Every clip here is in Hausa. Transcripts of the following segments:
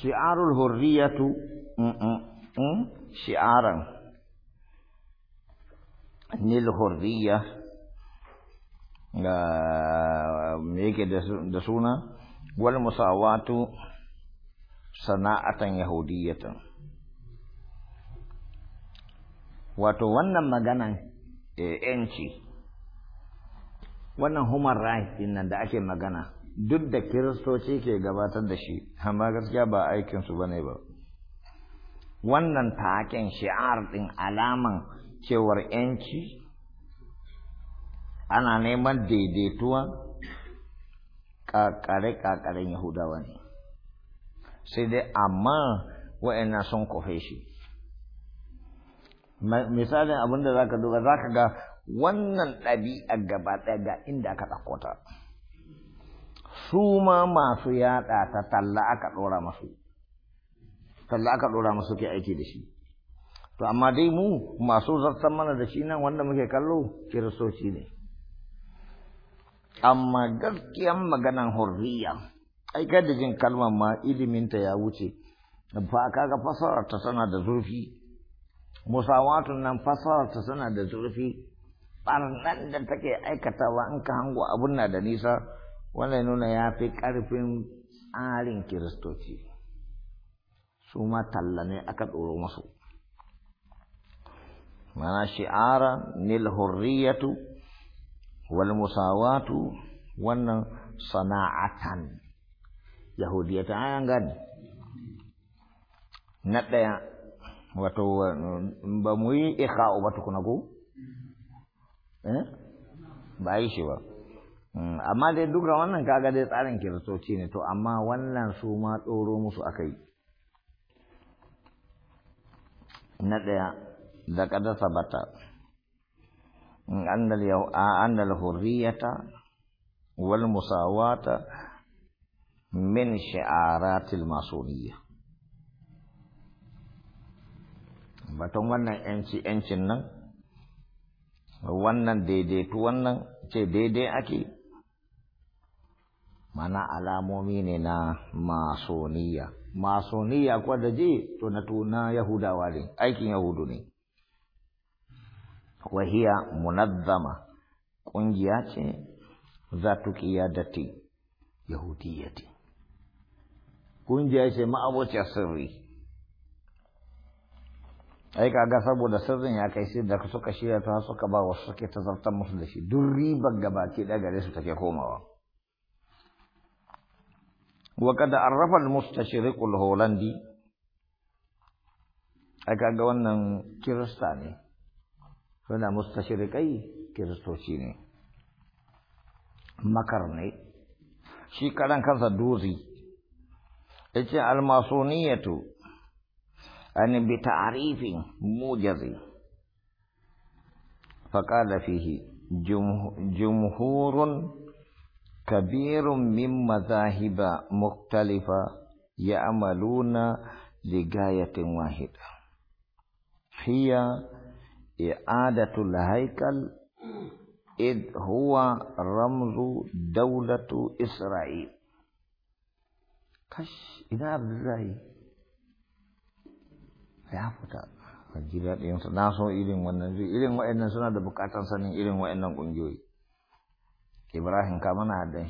shi'arul hurriyatu mm, mm, mm, shi'aran nil hurriya uh, me yake da suna wal musawatu sana'atan yahudiyatan wato wannan maganan eh, yanci wannan human rights din nan da ake magana duk da kiristoci ke gabatar da shi amma gaskiya ba aikinsu ba ne ba wannan taken shi'ar ɗin alaman cewar yanci ana neman daidaituwa ƙaƙare-ƙaƙaren yahudawa ne sai dai amma wa'ina sun kofe shi misalin abinda za ka duba za ka ga wannan ɗabi'a gaba ɗaya ga inda aka ɗauko su ma masu yada ta talla aka ɗora masu talla aka dora masu ke aiki da shi to amma dai mu masu zartan mana da shi nan wanda muke kallo kiristoci ne amma gaskiyan maganan hurriya ai kai da jin kalmar ma iliminta ya wuce ba kaga fasarar ta tana da zurfi musawatun nan fasarar ta tana da zurfi ɓarnan da take aikatawa in ka hango abun na da nisa wannan nuna ya fi ƙarfin tsarin kiristoci su ma talla aka ɗoro masu mana shi'ara nil hurriyatu wal musawatu wannan sana'atan yahudiyata an gani na ɗaya wato ba mu yi ikha'u ba tukuna ko eh? ba yi shi ba Mm, amma dai duk da wannan kaga dai tsarin kiristoci ne to amma wannan su ma tsoro musu aka yi na ɗaya da bata sabata da mm, hurriyata wal musawata min shi'aratil masoniyya batun wannan yanci yancin nan wannan daidaitu wannan ce daidai ake mana alamomi ne na masoniya masoniya kwa da ji to na tuna yahudawa ne aikin yahudu ne wahiya munazzama ƙungiya ce za ta ƙiyadati yahudiyyati ƙungiya ce ma'abociyar sirri ai kaga saboda sirrin ya kai sai da suka shirya ta suka ba wasu suke tazartar musu da shi duk ribar gabaki ɗaya gare su take komawa وقد عرف المستشرق الهولندي أكاغا wannan kirista ne suna mustashrikai kiristoci ne makar ne shi karan kansa dozi yace almasoniyatu an bi ta'rifin mujazi faqala fihi jumhurun كبير من مذاهب مختلفة يعملون لغاية واحدة هي إعادة الهيكل إذ هو رمز دولة إسرائيل kash ina abdullahi ya fita a gida ɗayansa na so irin wannan zai irin wa'annan suna da bukatar sanin irin wa'annan ƙungiyoyi Ibrahim ka mana asake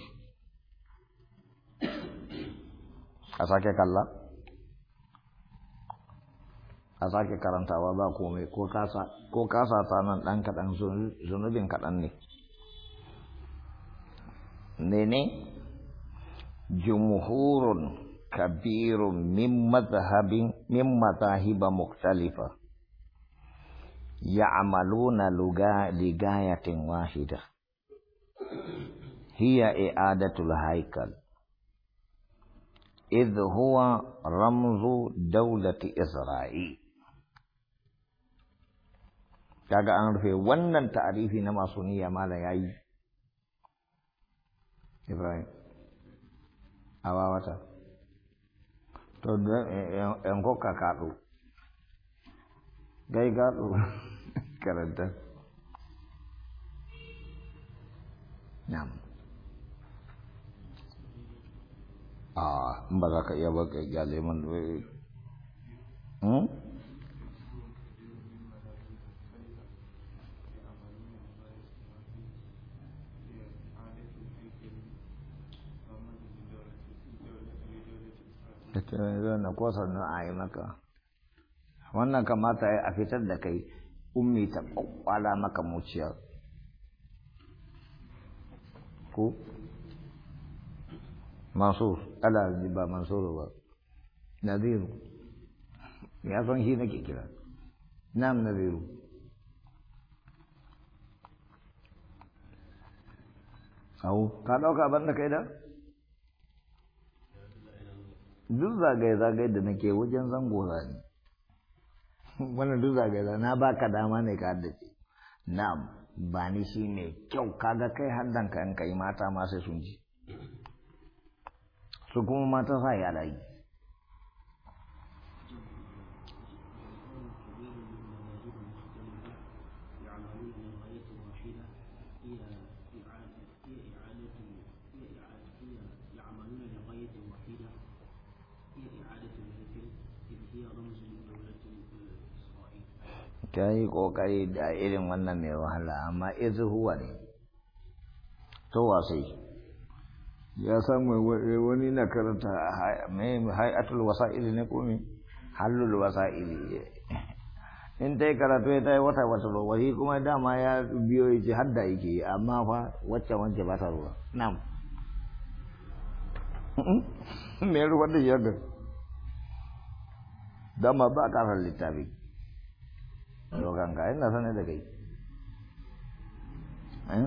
shi asake sake kalla a sake karantawa ba komai ko kasa ta nan dan zunubin kaɗan ne nene jumhurun kabirun min madhhabin min mazahiba mukhtalifa ya'maluna luga ligayatin wahidah hiya i'adatul haikal idh huwa ramzu daulati isra'i kaga an rufe wannan ta'arifi na masu niyya mala yayi Ibrahim awa wata to yan koka kaɗo gai gaɗo karanta na'am a ah, ba za ka iya ba ka gyale eh. hmm? man na kosa na a yi maka wannan kamata ya fitar da kai ummi ta kwakwala maka muciyar ko mansur ala ba mansur ba Nadiru. ya san shi nake kira nam nadiru. au ka ɗauka ban da kai da duk zagaye zagaye da nake wajen zango zani wannan duk zagaye na na ka dama ne ka haddace nam ba ni shi ne kyau kaga kai haddanka in ka yi mata ma sai sun ji su kuma mata sa ya layi ta yi kokari da irin wannan mai wahala amma izu huwa ne to wasai ya samu wani na karanta haiatul wasa wasa'ili ne ko me hallul wasa'ili in ta yi karatu ya ta yi wata wata lokaci kuma dama ya biyo ya ce hadda yake amma fa wacce wance ba ta ruwa na'am me ruwa da yaga dama ba karar littafi to kanka ina sanar da kai eh?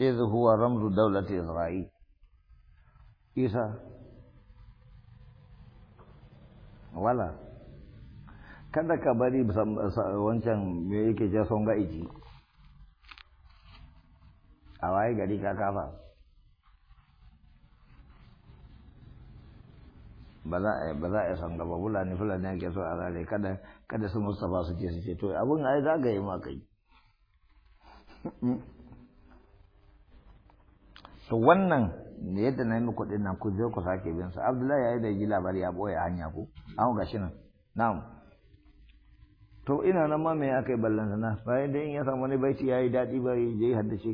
إذ هو رمز دولة إسرائيل عيسى ولا kada ka bari wancan me yake ce sun ga iji a waye gari ka kafa ba za a yi za san gaba fulani fulani ake so a rare kada kada su mustafa su ce su ce to abun ai za ga yi ma kai to wannan da yadda na yi muku din nan ku zai ku sake bin sa abdullahi ya yi da ji labari ya boye hanya ku an ga shi nan na'am to ina nan ma me aka yi ballan na bayan da in ya samu ne baiti yi dadi ba je haddace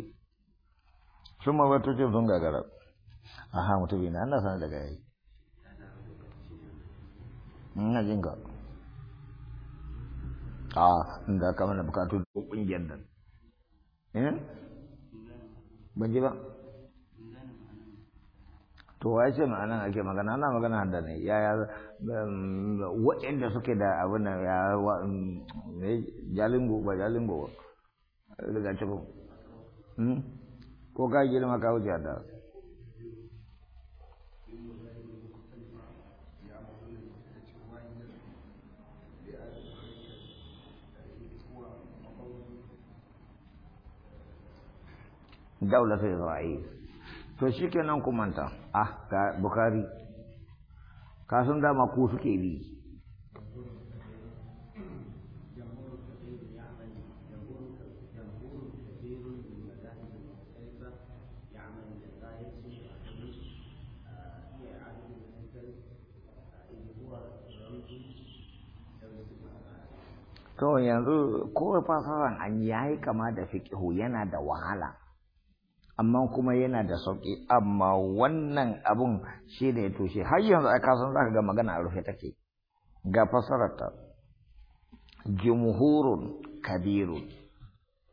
sun ma wato ce sun gagara A ha mutu bi na Allah sanar daga yi ina jin ka a inda kamar da bukatu da kungiyar nan eh ban ji ba to wa ce ma'anan ake magana ana magana hadda ne ya um, waɗanda suke da abin da ya wa ne um, jalingo ba jalingo ba daga cikin hmm? ko ka girma ka wuce hadda دولة إسرائيل to shi kenan ku manta ah ga bukari san dama ku suke bi To yanzu ko fasaran an yayi kama da fiƙihu yana da wahala. amma kuma yana da sauƙi amma wannan abun shi ne tushe har yanzu a kasan za ka ga magana a rufe take ga fasararta jumhurun Kabiru.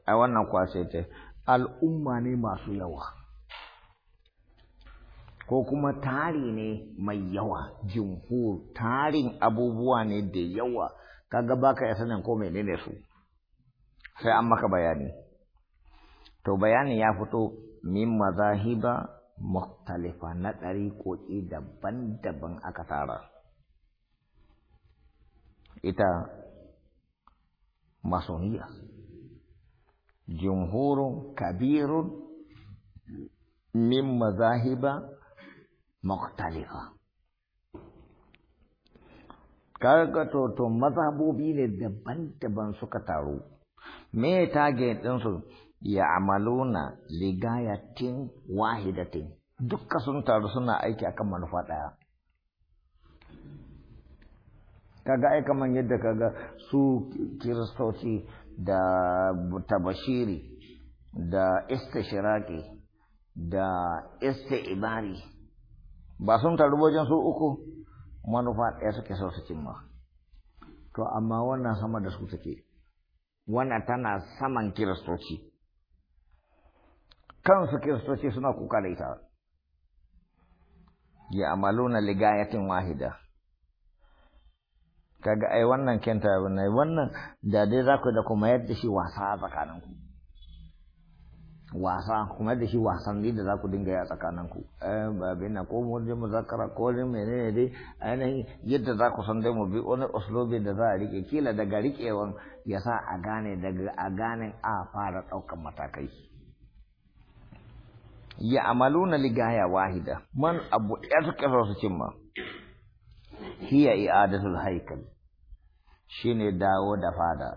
a wannan kwasai ta al'umma ne masu yawa ko kuma tari ne mai yawa jumhur tarin abubuwa ne da yawa kaga baka ya sanin ko menene su sai an maka bayani to bayanin ya fito من مذاهب مختلفة نتاري قوئي دبن دبن أكتارا إتا ماسونية جمهور كبير من مذاهب مختلفة كاكتو تو مذهبو بين دبن دبن سكتارو مي تاجي تنسو ya'maluna tin wahidatin dukka sun taru suna aiki akan manufa ɗaya kaga ai kaman yadda kaga su kiristoci da tabashiri da shiraki da isti'ibari ba sun taru wajen su uku manufa ɗaya suke so su cimma to amma wannan sama da su take wannan tana saman kiristoci kansu kiristoci suna kuka da ita ya amaluna ligayatin wahida kaga ai wannan kenta ne wannan da dai za ku da kuma yadda shi wasa a tsakaninku wasa kuma da shi wasanni da za ku dinga yi a tsakaninku eh, babin na ko wajen muzakara ko mene menene dai ainihin yadda za ku san dai mu bi wani oslobi da za a rike kila daga rikewan ya sa a gane daga a ganin a fara ɗaukan matakai ya na ligaya wahida man abu ɗaya su so su cimma hiya i'adatul haikal shine dawo da fada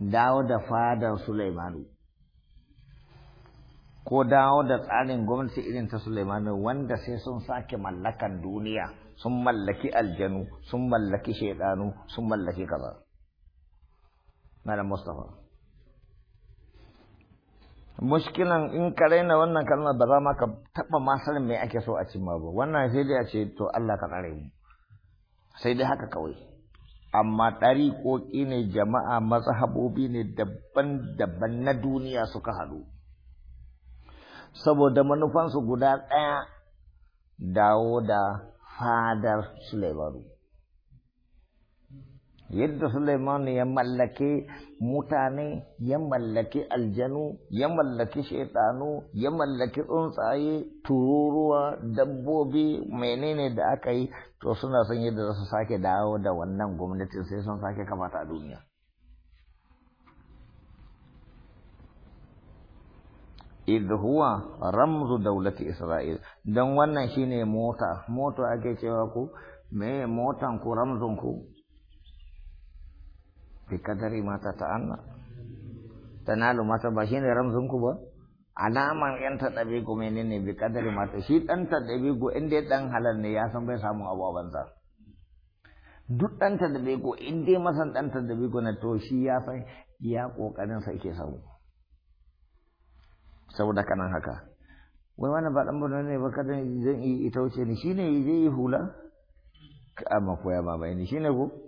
dawo da fadan Sulaimanu ko dawo da tsarin gwamnati irin ta Sulaimanu wanda sai sun sake mallakan duniya sun mallaki aljanu sun mallaki shaidanu sun mallaki kaza Malam Mustapha. mushkilan in ka raina wannan kalmar ba za ma ka taɓa ma sanin me ake so a cimma ba wannan sai dai a ce to Allah ka tsare mu sai dai haka kawai amma ɗariƙoƙi ne jama'a mazhabobi ne daban-daban na duniya suka haɗu saboda manufansu guda ɗaya dawo da fadar Suleimanu. yadda Suleiman ya mallake mutane ya mallaki aljanu ya mallaki shaitanu ya mallaki tsuntsaye tururuwa dabbobi menene da aka yi to suna son yadda za su sake dawo da wannan gwamnatin sai sun sake kamata a duniya idh huwa ramzu daulati isra'il don wannan shine mota mota ake cewa ku me motan ku ramzun ku dikadari mata ta'anna tanalu mata ba shine ramzun ku ba alaman yan ta dabe ku menene bi kadari mata shi dan ta dabe ku inda dan halal ne ya san bai samu abu a banza duk dan ta dabe ku inda masan dan ta dabe ku na to shi ya san ya kokarin sa yake samu saboda kanan haka wai wannan ba dan burna ne ba kadan zan yi ita wuce ni shine zai yi hula a makoya ma bai ni shine ko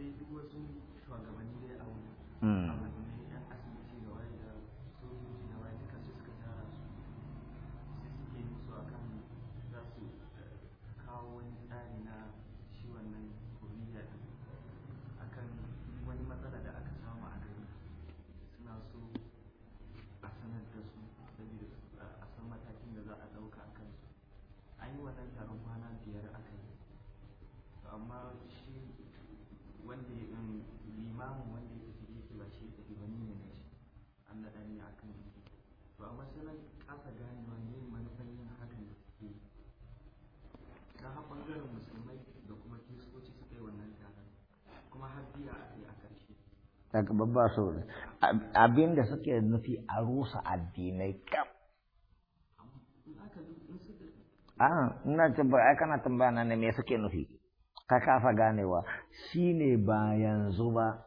dai duk wasu shugabanni dai a wani ta nan gane ma ne manufar yin hakan da suke ta har ɓangaren musulmai da kuma kiristoci suka yi wannan taron kuma har biya a kai a ƙarshe daga babba so abin da suke nufi a rusa addinai kam a ina tambaya kana tambaya na ne me suke nufi ka kafa ganewa shine ba yanzu ba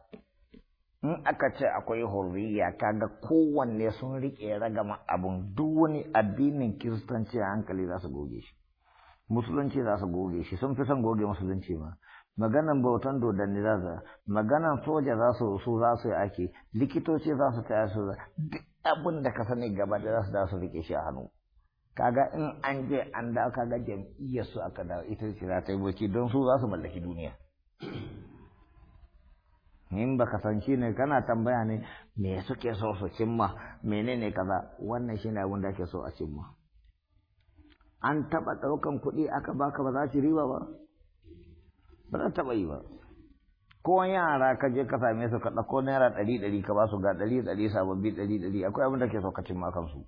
in aka ce akwai hurriya kaga kowanne sun rike ragama abun duk wani addinin kiristanci a hankali za su goge shi musulunci za su goge shi sun fi son goge musulunci ma maganan bautan dodanni za su maganan soja za su su za su yi ake likitoci za su taya su duk abin da ka sani gaba da za su da su rike shi a hannu kaga in an je an dawo kaga jam'iyyar su aka dawo ita ce za ta yi boki don su za su mallaki duniya in ka san shi ne kana tambaya ne me suke so su cimma menene kaza wannan shine abin da ake so a cimma an taɓa ɗaukan kuɗi aka baka ba za su riba ba ba za taɓa yi ba ko yara ka je ka same su ka ɗauko naira ɗari ɗari ka ba su ga ɗari ɗari sababbi ɗari ɗari akwai abin da ke so ka cimma kansu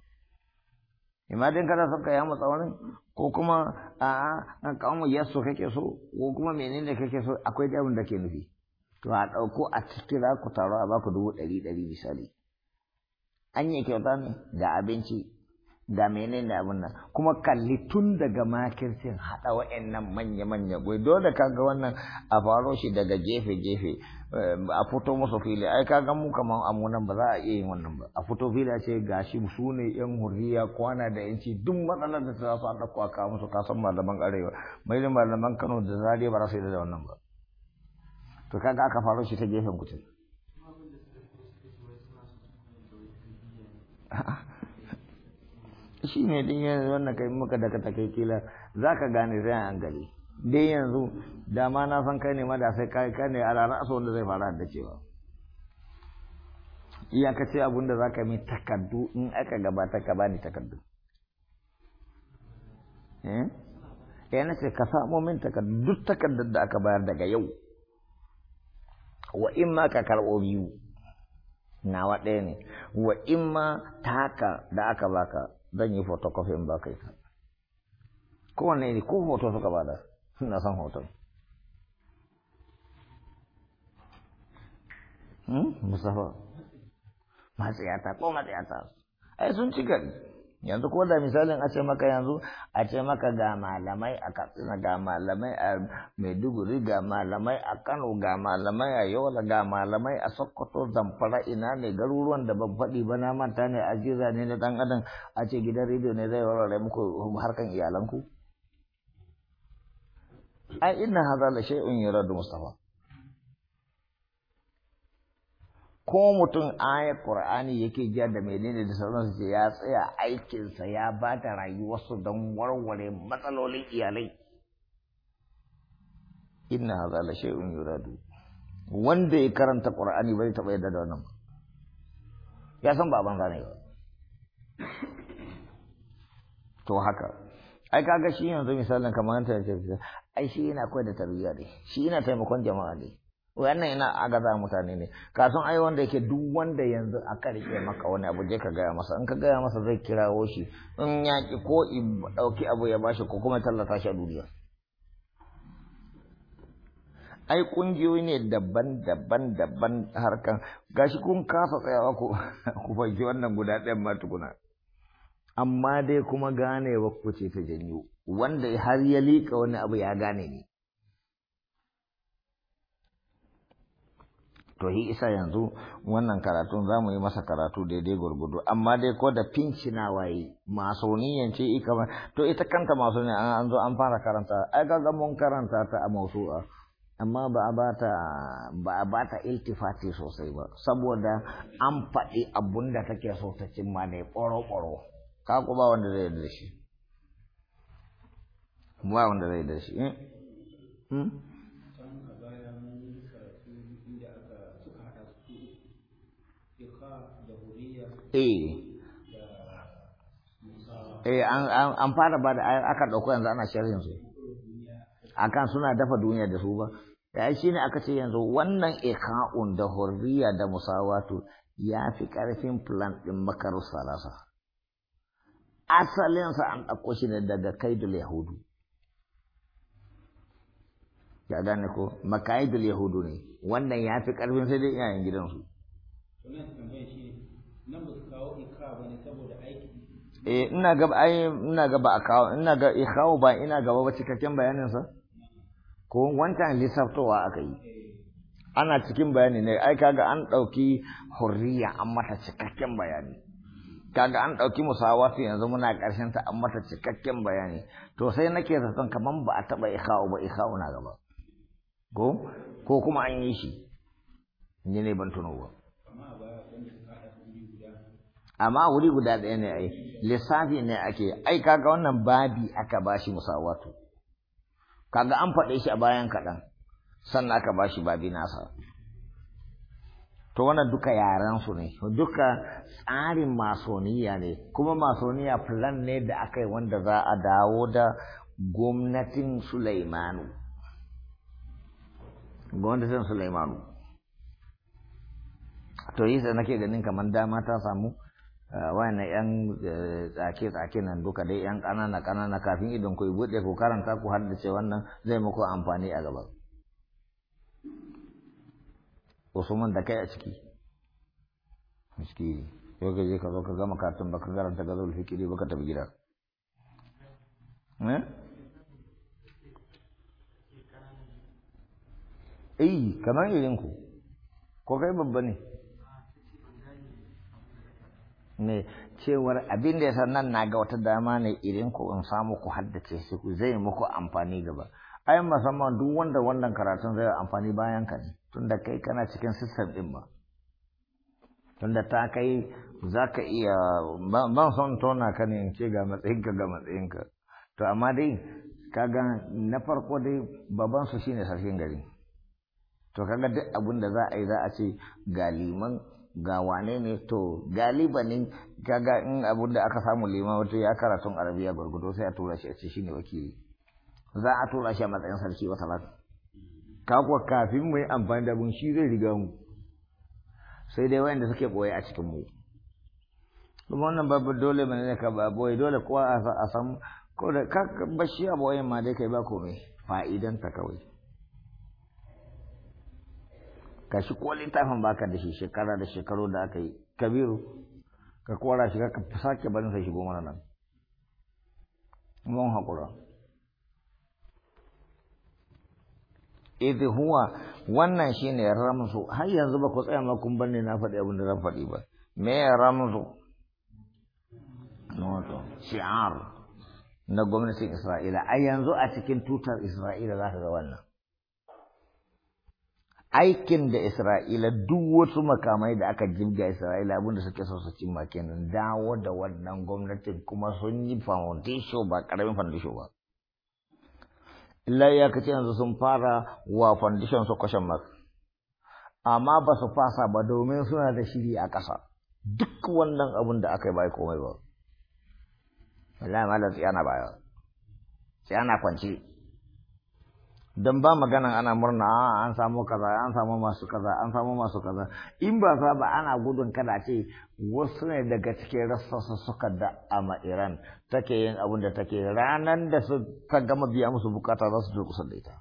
imadin kana son ka yamu tsaurin ko kuma a'a kan kawo mu kake so ko kuma menene kake so akwai abin da ke nufi to a ɗauko a kira ku taro a ba ku dubu ɗari ɗari misali an yi kyauta ne ga abinci ga menene abin nan kuma kalli tun daga makircin haɗa wa'annan manya-manya gwai dole kaga wannan a faro shi daga gefe-gefe eh, a fito musu fili ai gan mu kamar amunan ba za a iya yin wannan ba a fito fili ce shi su ne yan hurriya kwana da yanci duk matsalar da ta za su a ɗauko kawo musu kasan malaman arewa mai malaman kano da zariya ba za su yi da wannan ba to kaga aka faro shi ta gefen gutun shi ne din yanzu wannan kai muka daga takai kila za ka gane sai an gari dai yanzu dama na san kai ne ma da sai kai kai ne a ranar aso wanda zai fara da cewa ka ce abunda za ka mai takardu in aka gabata ka bani takardu eh? eh na ce ka samo min takardu duk takardar da aka bayar daga yau wa in ma ka karɓo biyu nawa ɗaya ne wa in ma ta haka da aka baka zan yi photocopy in baka ita kowanne ne ko hoto suka bada suna son hoton hmm? Mustafa matsayata ko matsayata ai sun ci gari yanzu ko da misalin a ce maka yanzu a ce maka ga malamai a katsina ga malamai a maiduguri ga malamai a kano ga malamai a yola ga malamai a sokoto zamfara ina ne garuruwan da ban faɗi ba na manta ne a jiza ne na dan adam a ce gidan rediyo ne zai warware muku harkan iyalanku ai inna hadha la shay'un yuradu mustafa ko mutum ayar qur'ani yake jiya da menene da sauransu ce ya tsaya aikinsa ya ba da rayuwarsu don warware matsalolin iyalai inna haza la shay'un yuradu wanda ya karanta qur'ani bai taɓa yadda da wannan ya san ba banza ba to haka ai kaga shi yanzu misalin kamar ta ce ai shi yana koyar da tarbiyya ne shi yana taimakon jama'a ne wannan yana agaza mutane ne kasan ai wanda yake duk wanda yanzu a karke maka wani abu je ka gaya masa in ka gaya masa zai kirawo shi in yaki ko in dauki abu ya bashi ko kuma tallata shi a duniya ai kungiyoyi ne daban-daban daban harkan gashi kun kasa tsayawa ku ku fage wannan guda ɗayan ma tukuna amma dai kuma ganewa ku ce ta janyo wanda har ya liƙa wani abu ya gane ni. to hi isa yanzu wannan karatun za mu yi masa karatu daidai gurgudu amma dai ko da fincina waye masoniyan ce ika ba to ita kanta ne an zo an fara karanta ai ga mun karanta ta a mausu'a amma ba a bata ba a iltifati sosai ba saboda an faɗi abun da take so ta cimma ne ɓoro-ɓoro ka ku ba wanda zai yarda ba wanda zai yarda da shi eh? hmm? eh, eh an fara ba da ayar aka ɗauko yanzu ana sharhin su akan suna dafa duniya da su ba da shi ne aka ce yanzu wannan ika'un da hurriya da musawatu ya fi ƙarfin plan ɗin makarar salasa sa an ɗauko shi ne daga kaidul yahudu ya gane ko makaidul yahudu ne wannan ya fi ƙarfin sai dai iyayen gidansu e eh ina ga ai ina ga ba a kawo ina ga ikhawo ba ina gaba ba cikakken bayanin sa ko wancan lissaftowa aka yi ana cikin bayani ne ai kaga an dauki hurriya an mata cikakken bayani kaga an ɗauki musawatu yanzu muna karshen ta an mata cikakken bayani to sai nake zaton kaman ba a taɓa ikha'u ba ikha'u na gaba ko ko kuma an yi shi ni ne ban tuno ba amma wuri guda ɗaya ne ai lissafi ne ake ai kaga wannan babi aka bashi musawatu kaga an faɗe shi a bayan kaɗan sannan aka bashi babi nasa to wannan duka yaran su ne duka tsarin masoniya ne kuma masoniya plan ne da aka yi wanda za a dawo da gwamnatin Sulaimanu gwamnatin Sulaimanu to yi nake ganin kamar dama ta samu na yan tsake-tsake nan duka dai yan kanana kanana kafin idan ku buɗe ku karanta ku haddace wannan zai muku amfani a gaba usman da kai a ciki miskini yau ka je ka zo ka gama karatun baka karanta ga zuwa fikiri baka tafi gida eh kamar irin ku ko kai babba ne ne cewar abin da ya nan na ga wata dama ne irin ku in samu ku haddace shi ku zai muku amfani gaba ai musamman duk wanda wannan karatun zai amfani bayan ka ne tunda kai kana cikin system din ba tunda ta kai za ka iya ban son tona ka ne in ce ga matsayinka ga matsayinka to amma dai kaga na farko dai baban su shine sarkin gari to kaga duk abin da za a yi za a ce ga liman ga wane ne to ne kaga in abin da aka samu wata ya karatun arabiya gwargwado sai a tura shi a ce shine wakili za a tura shi a matsayin sarki wata rana kakwa kafin mu yi amfani da abin shi zai riga mu sai dai wayanda suke boye a cikin mu kuma wannan babu dole mai ne ka ɓoye dole kowa a san ko da ka bashi a boye ma dai kai ba komai fa'idanta kawai ka shi ko littafin baka da shi shekara da shekaru da aka yi kabiru ka kora shi ka sake barin sa shigo mana nan mun haƙura idh huwa wannan shine ramzu har yanzu ba ku tsaya ma kun bar na faɗi abin da zan faɗi ba me ramzu noto shi'ar na gwamnatin Isra'ila a yanzu a cikin tutar Isra'ila za ka ga wannan aikin da Isra'ila duk wasu makamai da aka jirga Isra'ila abinda suke so su cimma kenan dawo da wannan gwamnatin kuma sun yi foundation ba karamin foundation ba. Illa ya kace yanzu sun fara wa foundation su kwashen mark. Amma ba su fasa ba domin suna da shiri a ƙasa. Duk wannan abin da aka yi bai komai ba. Wallahi malam tsiyana baya. Tsiyana kwanci. dan ba maganan ana murna an samu kaza an samu masu kaza an samu masu kaza in ba za ba ana gudun kada ce wasu ne daga cikin rassasa suka da ama iran take yin abin da take ranan da su ta gama biya musu bukata za su je kusa da ita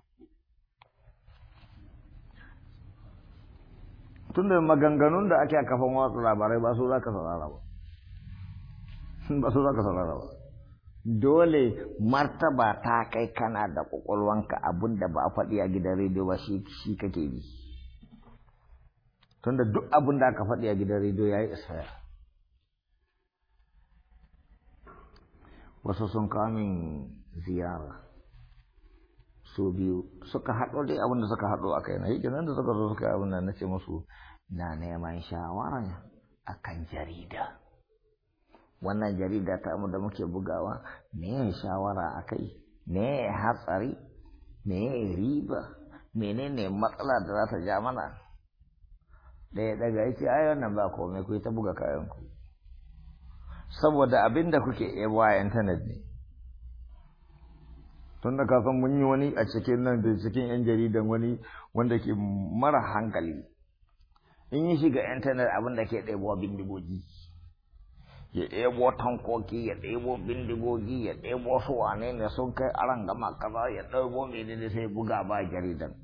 tun da maganganun da ake a kafan watsa labarai ba su za ka saurara ba ba su za ka saurara ba dole martaba ta kai kana da ƙwaƙwalwanka abin da ba a faɗi a gidan rediyo ba shi kake yi tunda duk abin da aka faɗi a gidan rediyo ya yi isaya wasu sun kamin ziyara su biyu suka haɗo dai abin da suka haɗo a kai na yi da suka zo suka abin da na ce musu na neman shawara akan jarida wannan jarida ta mu da muke bugawa me shawara a kai me hatsari me riba menene matsala da za ta ja mana da ya daga yake ai wannan ba komai ku ta buga kayanku saboda abin da kuke ebo a intanet ne tun da san mun yi wani a cikin nan da cikin yan jaridan wani wanda ke mara hankali in yi shiga intanet abin da ke ɗebo bindigogi ya ɗebo tankoki ya ɗebo bindigogi ya ɗebo su wane ne sun kai aran gama kaza ya ɗebo menene sai buga ba jaridan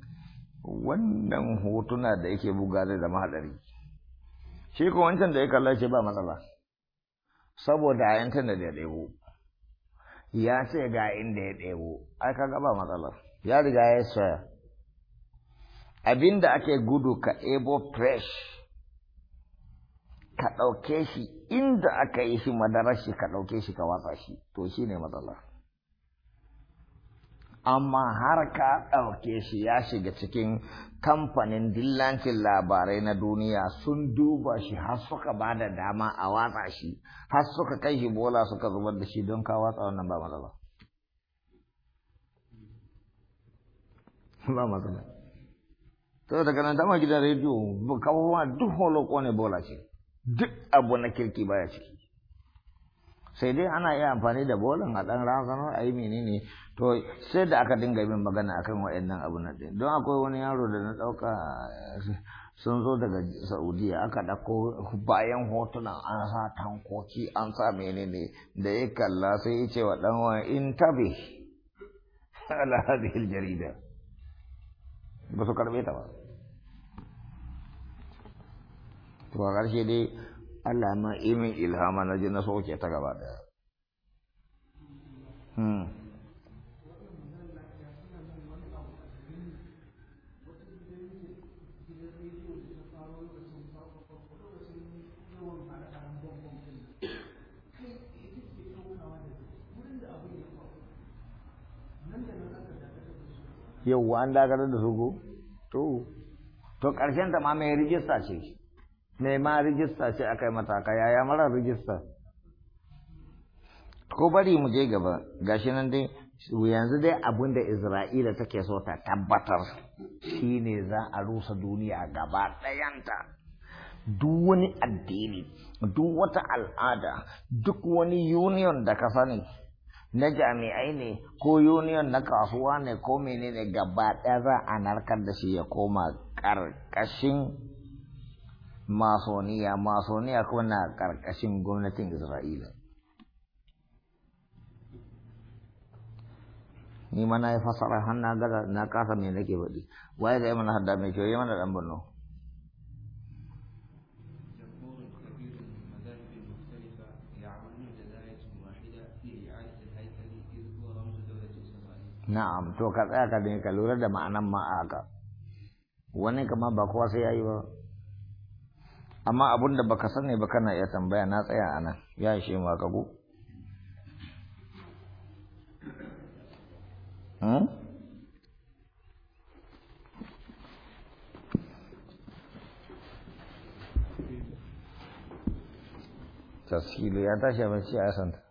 wannan hotuna da yake buga da zama haɗari shi ko wancan da ya kalla ce ba matsala saboda a da ya ɗebo ya ce ga inda ya ɗebo ai kaga ba matsala ya riga ya saya abinda ake gudu ka ebo fresh ka ɗauke shi inda aka yi shi madarar shi ka ɗauke shi ka watsa shi to shi ne matsala amma har ka ɗauke shi ya shiga cikin kamfanin dillancin labarai na duniya sun duba shi har suka ba da dama a watsa shi har suka kai shi bola suka zubar da shi don ka watsa wannan ba matsala ba matsala to daga nan dama gidan rediyo kawowa duk holoko ne bola ce duk abu na kirki baya ciki sai dai ana iya amfani da bolin a ɗan razanar a yi menene to sai da aka dinga bin magana akan waɗannan abu na ɗin don akwai wani yaro da na ɗauka sun zo daga saudiya aka ɗauko bayan hotunan an sa tankoki an sa menene da ya kalla sai ya ce wa ɗan wa in tabi ala hadhihi jarida ba su karbe ta ba to a ƙarshe dai Allah ma imin ilhama na jina na soke ta gaba daya hmm. yauwa an dakatar da su ko to to ƙarshen ta ma mai rijista ce mai ma rijista ce aka yi mataka yaya mara rijista ko bari mu je gaba gashi nan dai yanzu dai abin da isra'ila take so ta tabbatar shine za a rusa duniya gaba ɗayanta duk wani addini duk wata al'ada duk wani union da ka sani na jami'ai ne ko union na kasuwa ne ko menene gaba ɗaya za a narkar da shi ya koma ƙarƙashin masoniya masoniya kuma na ƙarƙashin gwamnatin isra'ila ni mana ya fasara har na na kasa me nake faɗi waye zai mana hadda mai kyau ya mana ɗan borno na'am to ka tsaya ka ka lura da ma'anan ma'aka wani kama ba kowa sai yayi ba amma abun da baka sani ba kana iya tambaya na tsaya anan ya ishe ma hmm? ya tashi abinci a yasanta.